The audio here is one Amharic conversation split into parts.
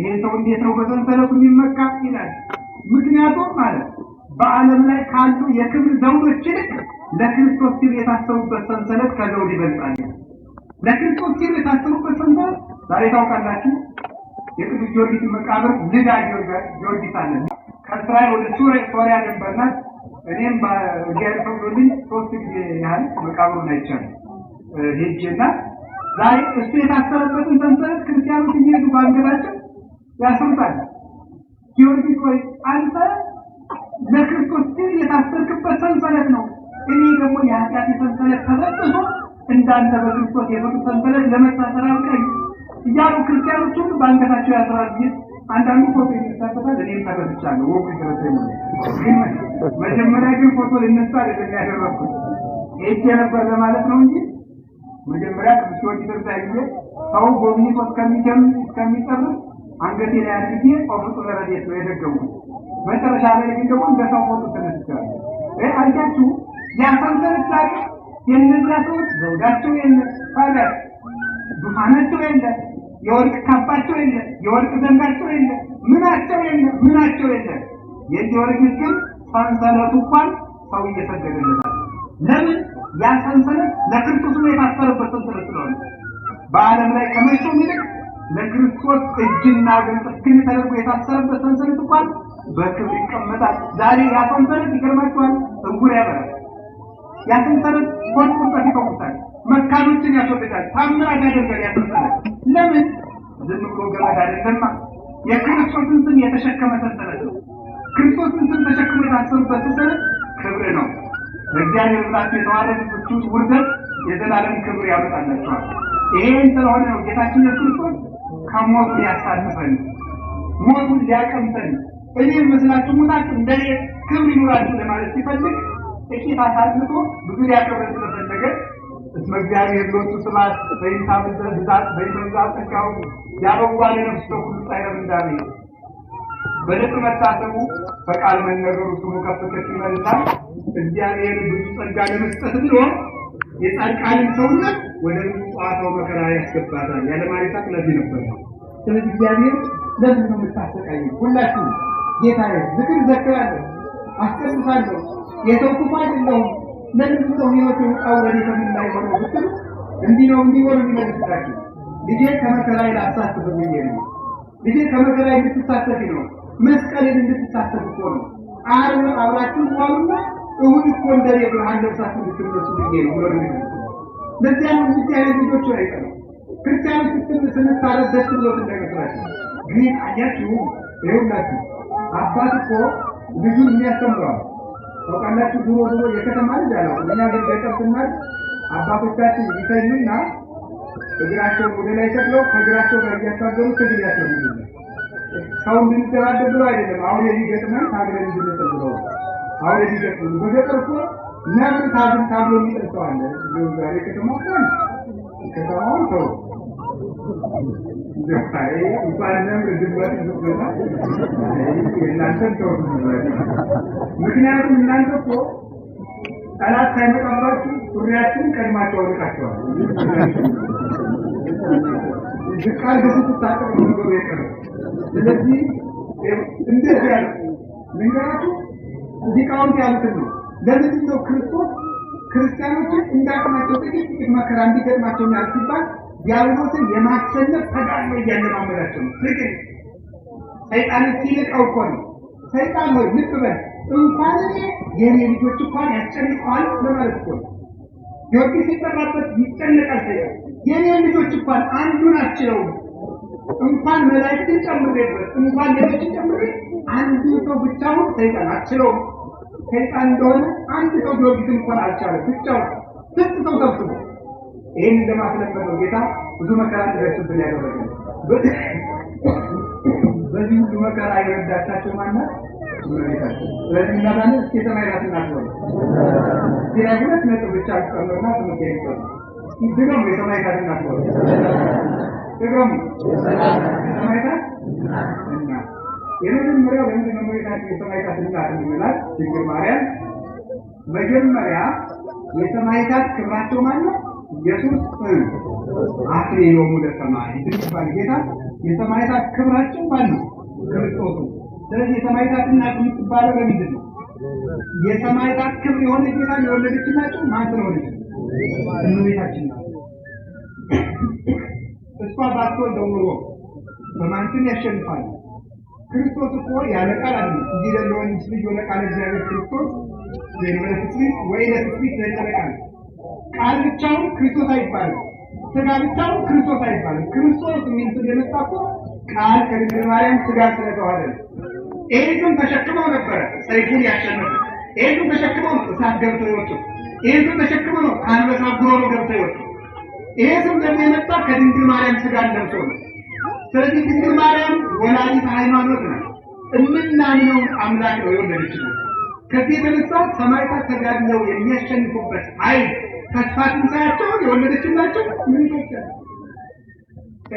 ይሄ ሰው እንዴት ነው በሰንሰለቱ የሚመካ ይላል። ምክንያቱም ማለት በዓለም ላይ ካሉ የክብር ዘውዶች ይልቅ ለክርስቶስ ሲል የታሰሩበት ሰንሰለት ከዘውድ ይበልጣል። ለክርስቶስ ሲል የታሰሩበት ሰንሰለት ዛሬ ታውቃላችሁ። የቅዱስ ጊዮርጊስ መቃብር ንዳ ጊዮርጊስ አለ። ከእስራኤል ወደ ሶሪያ ነበርና እኔም ጊያርሰውልኝ ሶስት ጊዜ ያህል መቃብሩን አይቻል ሄጄና ዛሬ እሱ የታሰረበትን ሰንሰለት ክርስቲያኖች እየሄዱ ባንገታቸው ያስሩታል። ጊዮርጊስ ወይ አንተ ለክርስቶስ ግን የታሰርክበት ሰንሰለት ነው። እኔ ደግሞ የኃጢአት ሰንሰለት ተበጥሶ እንዳንተ በክርስቶስ የሞት ሰንሰለት ለመታሰር አብቀኝ እያሉ ክርስቲያኖች ሁሉ በአንገታቸው ያስራል። አንዳንዱ ፎቶ የሚሳተፋል። እኔም ተበስቻለሁ። ወቁ ደረሰ መጀመሪያ ግን ፎቶ ልነሳ አይደለም ያደረኩት ሄጄ ነበር ለማለት ነው እንጂ መጀመሪያ ቅዱስ ጊዮርጊስ ሰው ጎብኝቶ እስከሚጀምር እስከሚጨርስ አንገቴ ላይ አድርጌ ቆርጡ ረድኤት ነው የደገሙ። መጨረሻ ላይ ግን ደግሞ እንደ ሰው ሞቱ ተነስቻለ። አያችሁ ያሰንሰለት ታሪክ የእነዛ ሰዎች ዘውዳቸው የለ ፋለ ዱፋናቸው የለ፣ የወርቅ ካባቸው የለ፣ የወርቅ ዘንጋቸው የለ፣ ምናቸው የለ፣ ምናቸው የለ። የዚህ ወርቅ ግን ሰንሰለቱ እንኳን ሰው እየሰገደለታል። ለምን ያ ሰንሰለት ለክርስቶስ ነው የታሰረበት ሰንሰለት ስለሆነ በዓለም ላይ ከመቼውም ይልቅ ለክርስቶስ እጅና ግን ተደርጎ የታሰረበት ሰንሰለት እንኳን በክብር ይቀመጣል። ዛሬ ያ ሰንሰለት ይገርማችኋል፣ እንጉር ያበራል። ያ ሰንሰለት ሆድ ቁርጠት ይፈውሳል፣ መካኖችን ያስወግዳል፣ ታምራት ያደርጋል። ያ ሰንሰለት ለምን ዝም ብሎ ገመድ አይደለማ፣ የክርስቶስን ስም የተሸከመ ሰንሰለት ነው። ክርስቶስን ስም ተሸክሞ የታሰሩበት ሰንሰለት ክብር ነው። በእግዚአብሔር ብላችሁ የተዋለ ውርደት የዘላለም ክብር ያመጣላችኋል። ይሄን ስለሆነ ነው ጌታችን ክርስቶስ ከሞት ሊያሳንፈን ሞቱን ሊያቀምሰን እኔ የምስላችሁ ሙታችሁ እንደ ክብር ይኑራችሁ ለማለት ሲፈልግ ጥቂት አሳንፎ ብዙ ሊያከብረን ስለፈለገ እስመ እግዚአብሔር ሎቱ ስብሐት በይንታ ብዛት በይንተ ብዛት ጸጋው ያበዋል ነፍስ ተኩሉ ጻይረም እንዳለ በልብ መታሰቡ በቃል መነገሩ ስሙ ከፍ ከፍ ይመልሳል። እግዚአብሔር ብዙ ጸጋ ለመስጠት ብሎ የጻድቃንን ሰውነት ወደ ምጽዋታው መከራ ያስገባታል። ያለማለታ ማለታት ለዚህ ነበር። ስለዚህ እግዚአብሔር ለምን ነው የምታሰቃይ? ሁላችሁ ጌታ ዝክር ዘክራለሁ፣ አስቀድሳለሁ፣ የሰው ክፉ አይደለሁም። ለምን ነው ህይወት ውጣውረድ የማይሆነው ብትል እንዲህ ነው እንዲሆን የሚመልስላችሁ ልጄ ከመከራዬ ላሳስብ ብዬ ነው። ልጄ ከመከራዬ እንድትሳተፊ ነው። መስቀልን እንድትሳተፍ እኮ ነው። አርብ አብራችሁ ሆኑና እሁድ እኮ እንደኔ ለብሳችሁ እንድትነሱ ብዬ ነው ብሎ ለዚያ ነው እንደዚህ አይነት ልጆች አይቀሩ ክርስቲያኖች ስትል ስንታረስ ደስ ብሎት እንደመሰላቸው ግን አያችሁ ይሁላችሁ አባት እኮ ልጁን የሚያስተምረዋል ታውቃላችሁ። ድሮ ድሮ የከተማ ልጅ አለ እኛ ግን ገጠር ስናል አባቶቻችን ይተኙና እግራቸው ወደ ላይ ሰቅለው ከእግራቸው ጋር እያሳገሩ ትግል ያስለምዱ ሰው እንድንደራደር ብሎ አይደለም። አሁን የሚገጥመን ሀገር እንድንጠብቀው አሁን ይደቀም በገጠርኩ ለምን ታድን ታብሎ የሚጠጣው አለ ዛሬ ከተማ ካን ከተማውን ሰው ምክንያቱም እናንተ እኮ ጠላት ሳይመጣባችሁ ሱሪያችሁን ቀድማችሁ አውልቃችኋል። ቃል በስት ታጠቅ ነገሩ የቀረ ስለዚህ እንደዚህ ያለ ልንገራችሁ ሊቃውንት ያሉትን ነው። ለምንድን ነው ክርስቶስ ክርስቲያኖችን እንዳቅማቸው ጥቂት ጥቂት መከራ እንዲገጥማቸው ያል ሲባል ዲያብሎስን የማሸነፍ ተጋድሎ እያለማመዳቸው ነው። ፍቅር ሰይጣንን ሲልቀው እኮ ነው። ሰይጣን ሆይ ልብ በል እንኳን እኔ የእኔ ልጆች እንኳን ያስጨንቀዋል ለማለት እኮ ነው። ጊዮርጊስ ሲጠራበት ይጨነቃል ሰይጣን። የእኔ ልጆች እንኳን አንዱን አችለውም እንኳን መላእክትን ጨምሬበት እንኳን ሌሎችን ጨምሬ አንዱ ሰው ብቻውን ሰይጣን አችለውም ሰይጣን እንደሆነ አንድ ሰው ጊዮርጊስን እንኳን አልቻለም። ብቻው ስንት ሰው ሰብስቦ ይህን እንደማስለመድ ጌታ ብዙ መከራ ሊደርስብን ያደረገ በዚህ ሁሉ መከራ የረዳቻቸው ማናት? ስለዚህ እናታን እስኪ የሰማይ ናት እናስበ እዚህ ሁለት ነጥብ ብቻ ጨምርና ትምህርት ይጠ ድገሙ። የሰማይ ናት እናስበ ድገሙ። የሰማይ ናት የመጀመሪያ ለምንድን ነው እመቤታችን የሰማዕታት እናት የምንላት ድንግል ማርያም? መጀመሪያ የሰማዕታት ክብራቸው ማነው? ኢየሱስ አክሊሎሙ ለሰማይ ይባል ጌታ የሰማዕታት ክብራቸው ነው ክርስቶስ። ስለዚህ የሰማዕታት እናት የምትባለው ለምንድን ነው? የሰማዕታት ክብር የሆነ ጌታ የወለደችላቸው ማን ስለሆነች? እመቤታችን ናት። እሷ ባትወልድ ኖሮ በማን ያሸንፋል? ክርስቶስ እኮ ያለ ቃል አለ እንጂ ለለወን ይችል የሆነ ቃል እግዚአብሔር ክርስቶስ ዘይበለትት ወይ ለትት ነጠለ ቃል ቃል ብቻውን ክርስቶስ አይባልም። ስጋ ብቻውን ክርስቶስ አይባልም። ክርስቶስ የሚል ስም የመጣ እኮ ቃል ከድንግል ማርያም ስጋ ስለተዋለ ኤቱን ተሸክመው ነበረ ሰይፉን ያሸነፈ ኤቱን ተሸክመው ነው እሳት ገብተው ይወጡ። ኤቱን ተሸክመው ነው ከአንበሳ ጉሮሮ ገብተው ይወጡ። ይሄ ስም ደግሞ የመጣ ከድንግል ማርያም ስጋ ለብሶ ነው። ስለዚህ ድንግል ማርያም ወላዲተ ሃይማኖት ናት። እምናምነው አምላክ ነው የወለደች ነው። ከዚህ የተነሳ ሰማዕታት ተጋድለው የሚያሸንፉበት ኃይል ተስፋ ትንሣኤያቸው የወለደችላቸው ምንቶች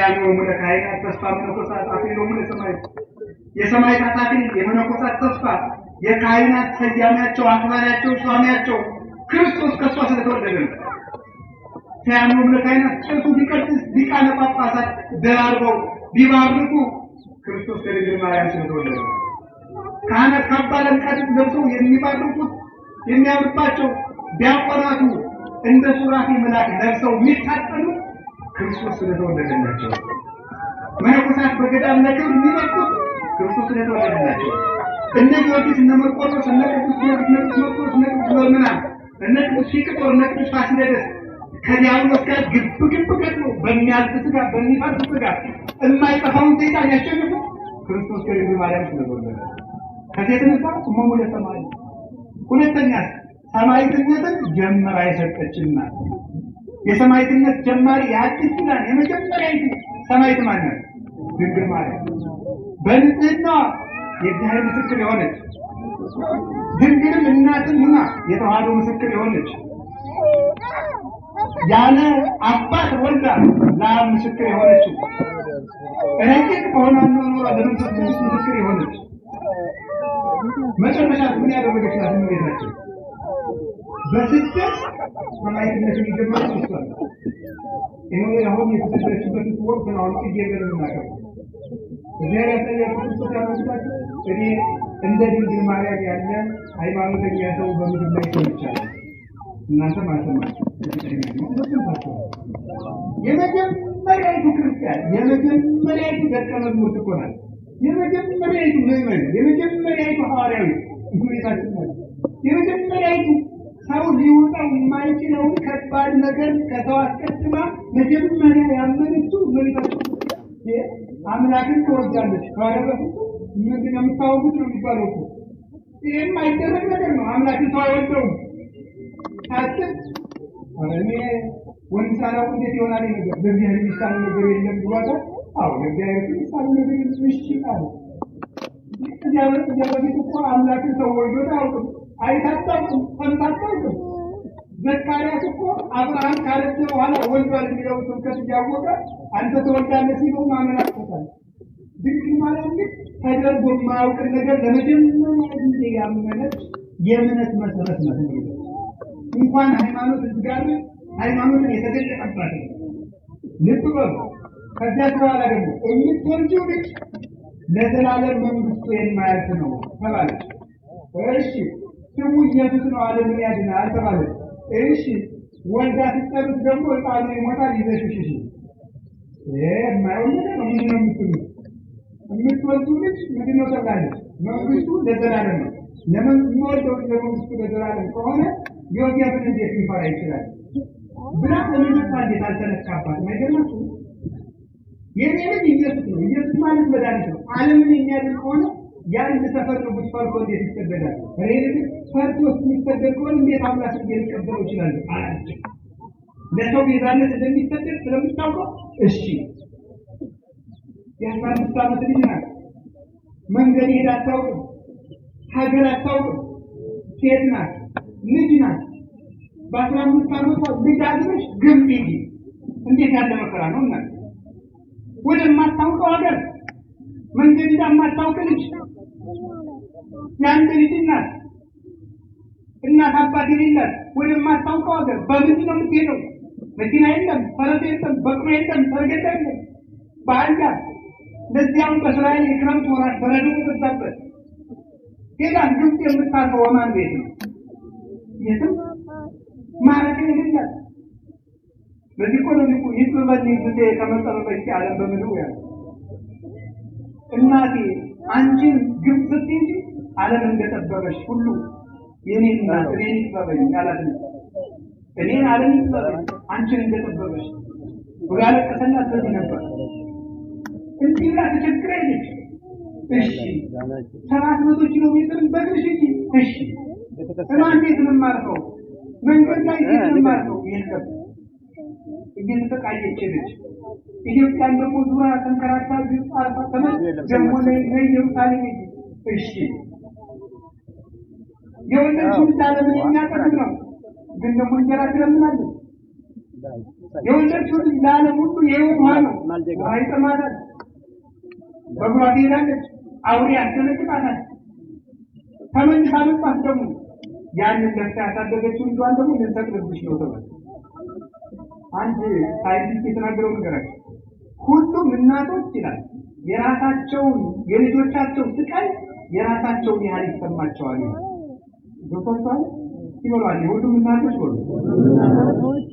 ያኖሙ ለካህናት ተስፋ መነኮሳት አክሊሎሙ ለሰማዕት የሰማዕታት አክሊል የመነኮሳት ተስፋ የካህናት ሰያሚያቸው፣ አክባሪያቸው፣ ሿሚያቸው ክርስቶስ ከእሷ ስለተወለደ ነው። ተያኖሙ ለካህናት ጭሱ ቢቀድስ ሊቃነ ጳጳሳት ደራርበው ቢባርኩ ክርስቶስ ከድንግል ማርያም ስለተወለደ ካህናት ካባ ቀድም ገብተው የሚባርኩት የሚያምርባቸው ቢያቆራቱ እንደ ሱራፊ መልአክ ለብሰው የሚታጠኑ ክርስቶስ ስለተወለደላቸው፣ መነኮሳት በገዳም ነገር የሚመጡት ክርስቶስ ስለተወለደላቸው እነ ጊዮርጊስ እነ መርቆሮስ እነ ቅዱስ ጊዮርጊስ እነ ቅዱስ መርቆሬዎስ እነ ቅዱስ በርምናን እነ ቅዱስ ፊቅጦር እነ ቅዱስ ፋሲለደስ ከዲያብሎስ ጋር ግብ ግብ ቀጥሎ በሚያልፍ ስጋ በሚፈርስ ስጋ የማይጠፋውን ሰይጣን ያሸንፈው ክርስቶስ ከድንግል ማርያም ስለተወለደ ከዚህ የተነሳ መሙለ ሰማይ ሁለተኛ ሰማዕትነትን ጀምራ የሰጠችን ናት። የሰማዕትነት ጀማሪ የአዲስ ኪዳን የመጀመሪያ ሰማዕት ማናት? ድንግል ማርያም በንጽህና የእግዚአብሔር ምስክር የሆነች ድንግልም እናትን ሆና የተዋህዶ ምስክር የሆነች ያለ አባት ወልዳ ለአብ ምስክር የሆነችው ረቂቅ በሆነ ኑሮ ለመንፈስ ቅዱስ ምስክር የሆነች መጨረሻ ምን ያደረገች ናት? እመቤታችን በስደት መላእክትነትን የጀመረች እሷ ናት። ይሄ አሁን የተሰደደችበት ወቅት ነው። አሁን ጥዬ ገደል እናቀርብ እግዚአብሔር ያሳያችሁ ስታ እኔ እንደ ድንግል ማርያም ያለ ሃይማኖተኛ ሰው በምድር ላይ ሰምቻለሁ። እናንተም አልሰማችሁ የመጀመሪያይቱ ክርስቲያን የመጀመሪያይቱ ደቀ መዝሙር እኮ ናት። ምዕመን፣ የመጀመሪያይቱ ሐዋርያዊ እመቤታችን ናት። የመጀመሪያይቱ ሰው ሊውጠው የማይችለውን ከባድ ነገር ከሰው አስቀድማ መጀመሪያ ያመነችው እመቤታችን አምላክን ትወዳለች ባለ በፍጹም ምንድን ነው የሚባለው እኮ ይህም አይደረግ ነገር ነው። አምላክን ሰው አይወደውም አስብ እኔ ወንድ ሳላውቅ እንዴት ይሆናል ነገር በእግዚአብሔር የሚሳል ነገር የለም ብሏታል። አዎ ለእግዚአብሔር የሚሳል ነገር እሺ ቃል እዚያ በፊት እኮ አምላክን ሰው ወልዶት አያውቅም፣ አይታጣቅም፣ ጠምታጣቅም። ዘካርያስ እኮ አብርሃም ካረጀ በኋላ ወልዷል የሚለውን ስብከት እያወቀ አንተ ተወልዳለህ ሲለው ማመን አቅቶታል። ድንግል ማርያም ግን ተደርጎ የማያውቅን ነገር ለመጀመሪያ ጊዜ ያመነች የእምነት መሰረት ነው። እንኳን ሃይማኖት እዝጋር ሃይማኖትን የተገለጠባት ነው። ልብ በሉ። ከዚያ በኋላ ደግሞ የምትወልጂው ልጅ ለዘላለም መንግስቱ የማያልፍ ነው ተባለች። እሺ ስሙ ኢየሱስ ነው ዓለምን ያድናል ተባለች። እሺ ወልዳ ስትጠብቅ ደግሞ ሕፃኑ ይሞታል ይዘሽሽሽ የማየው ነው ምንድን ነው የምትሉ የምትወልዱ ልጅ ምንድን ነው ተባለች። መንግስቱ ለዘላለም ነው። ለመንግስቱ ለዘላለም ከሆነ ዮሴፍን እንዴት ሊፈራ ይችላል ብላ እምነቷ እንዴት አልተነካባትም? አይገርማችሁም? የኔንም ኢየሱስ ነው። ኢየሱስ ማለት መድኃኒት ነው። ዓለምን የሚያድን ከሆነ የአንድ ሰፈር ንጉሥ ፈርቶ እንዴት ይሰደዳል? ሬድ ፈርቶ የሚሰደድ ከሆነ እንዴት አምላክ ሊቀበለው ይችላል? አላቸው። ለሰው ቤዛነት እንደሚሰደድ ስለምታውቀው እሺ የአስራ አምስት ዓመት ልጅ ናት። መንገድ ሄድ አታውቅም፣ ሀገር አታውቅም፣ ሴት ናት። ልጅ ናት። በአስራ አምስት ዓመቷ ልጅ አግብተሽ ግብፅ ሂጂ። እንዴት ያለ መከራ ነው እና ወደማታውቀው ሀገር መንገድ እንዳማታውቅ ልጅ የአንድ ልጅ እናት እናት አባት የሌላት ወደማታውቀው ሀገር በምንድን ነው የምትሄደው? መኪና የለም፣ ፈረስ የለም፣ በቅሎ የለም፣ ሰረገላ የለም። በአንዳ ለዚያም በእስራኤል የክረምት ወራት በረዶ በበዛበት ጌታ ግብፅ የምታውቀው ወማን ቤት ነው የትም ማረግ የለም። በዚህ እኮ ነው እኮ ይህ ጊዜ ከመጠኑ በፊት ዓለም በምድሩ ያለ እናቴ አንቺን ግብ ስትሄጂ ዓለም እንደጠበበሽ ሁሉ የኔ እናት እኔ ይጥበበኝ ያላት እኔ ዓለም ይጥበበኝ አንቺን እንደጠበበሽ ብሎ ያለቀሰና ስለዚህ ነበር እዚህ ጋር ተቸግራ ሄደች። እሺ ሰባት መቶ ኪሎ ሜትርን በእግርሽ እሺ እና እንዴት ልማርፈው መንገድ ላይ እንዴት ኢትዮጵያን ደግሞ ዙራ ተንከራታ ግብጽ አልፋ ደግሞ ላይ ነው፣ ግን ደግሞ እንጀራ ትለምናለች። የወለደችው ነው። ውሃ ይጠማታል፣ በእግሯ ትሄዳለች፣ አውሬ ያስደነግጣታል። ተመልሳ ደግሞ ያንን ለፍታ ያሳደገችው ልጇን ደግሞ ልንፈቅድብሽ ነው ተባለ። አንድ ሳይንቲስት የተናገረው ነገራቸው ሁሉም እናቶች ይላል የራሳቸውን የልጆቻቸው ስቃይ የራሳቸውን ያህል ይሰማቸዋል ይላል። ይበሏል። ሁሉም እናቶች በሉ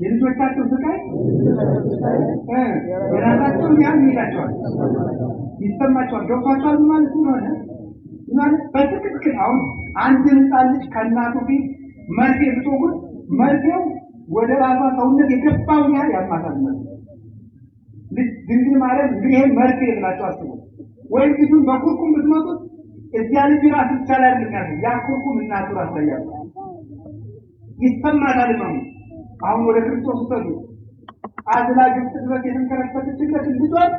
የልጆቻቸው ስቃይ የራሳቸውን ያህል ይላቸዋል ይሰማቸዋል። ገብቷቸዋል ማለት ሆነ ማለት በትክክል አሁን አንድ ህፃን ልጅ ከእናቱ ፊት መርፌ ብትወጉት መርፌው ወደ ራሷ ሰውነት የገባውን ያህል ያማታል። ልጅ ድንግል ማለት እንግዲህ ይህን መርፌ ብላቸው አስቡ። ወይም ፊቱን በኩርኩም ብትመጡት እዚያ ልጅ ራሱ ይቻላል ልኛል ያ ኩርኩም እናቱ ራሱ ያለ ይሰማታል ነው። አሁን ወደ ክርስቶስ ውሰዱ። አዝላ ግብጽ ድረስ የተንከረፈተችበት ልጇን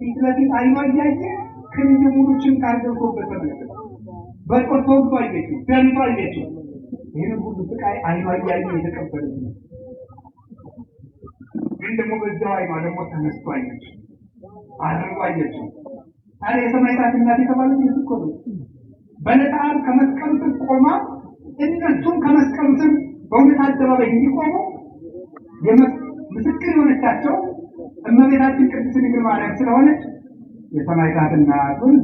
ፊት ለፊት አይኗ እያየ ክንድ ሙሉ ችንካር ገብሮበት ተመለከተ። በቁርቆቱ አይገጭም፣ ደንቱ አይገጭም። ይህን ሁሉ ስቃይ አይኗ እያየ የተቀበሉት ነው። ግን ደግሞ በዚያው አይኗ ደግሞ ተነስቶ አየች፣ አድርጎ አየችው። ታዲያ የሰማዕታት እናት የተባለች እኮ ነው። በዕለተ ከመስቀሉ ስር ቆማ እነሱም ከመስቀሉ ስር በእውነት አደባባይ እንዲቆሙ ምስክር የሆነቻቸው እመቤታችን ቅድስት ድንግል ማርያም ስለሆነች የሰማዕታት እናቱን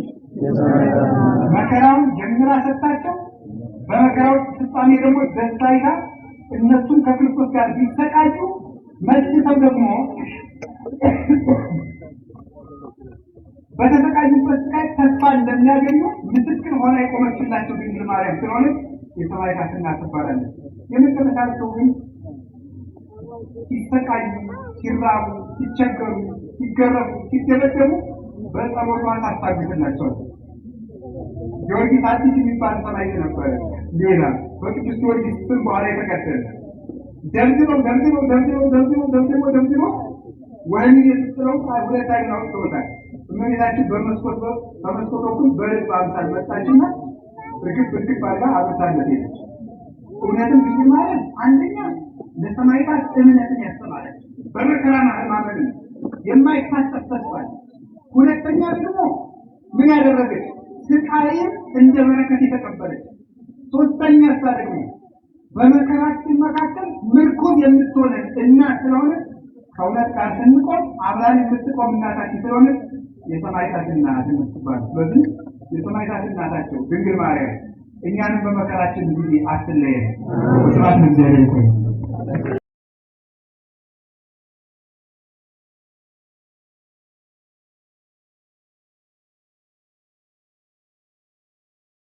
መከራውን ጀምራ ሰጣቸው። በመከራው ፍጻሜ ደግሞ ደስታ ይዛ እነሱም ከክርስቶስ ጋር ቢሰቃዩ መልሰው ደግሞ በተሰቃዩበት ስቃይ ተስፋ እንደሚያገኙ ምስክር ሆና የቆመችላቸው ድንግል ማርያም ስለሆነች የሰማዕታት እናት ትባላለች። የመጨረሻቸው ግን ሲሰቃዩ፣ ሲራቡ፣ ሲቸገሩ፣ ሲገረፉ፣ ሲደበደቡ በጸሎቷ ታስታግስላቸዋል። ጊዮርጊስ አዲስ የሚባል ሰማዕት ነበረ። ሌላ በቅዱስ ጊዮርጊስ ስም በኋላ የተቀደሰ ደምድመው ደምድመው ደምድመው ደምድመው ደምድመው ደምድመው ወህኒ የጥለው ሁለት አይን አውጥተውታል። እመቤታችን በመስኮት በመስኮት በኩል በልብ አምሳል መጣችና ርግብ ብርግብ አድርጋ አብርታለት ሄደች። እውነትም ብድር ማለት አንደኛ ለሰማዕታት እምነትን ያስተማረች በመከራ ማመንን የማይታሰብ ተስፋል። ሁለተኛ ደግሞ ምን ያደረገች ስቃይን እንደ በረከት የተቀበለች ሶስተኛ እሷ ደግሞ በመከራችን መካከል ምርኮም የምትሆነን እናት ስለሆነች ከሁለት ጋር ስንቆም አብራን የምትቆም እናታችን ስለሆነች የሰማዕታት እናት የምትባል በዚህ የሰማዕታት እናታቸው ድንግል ማርያም እኛንም በመከራችን ጊዜ አትለየን። ስራት እግዚአብሔር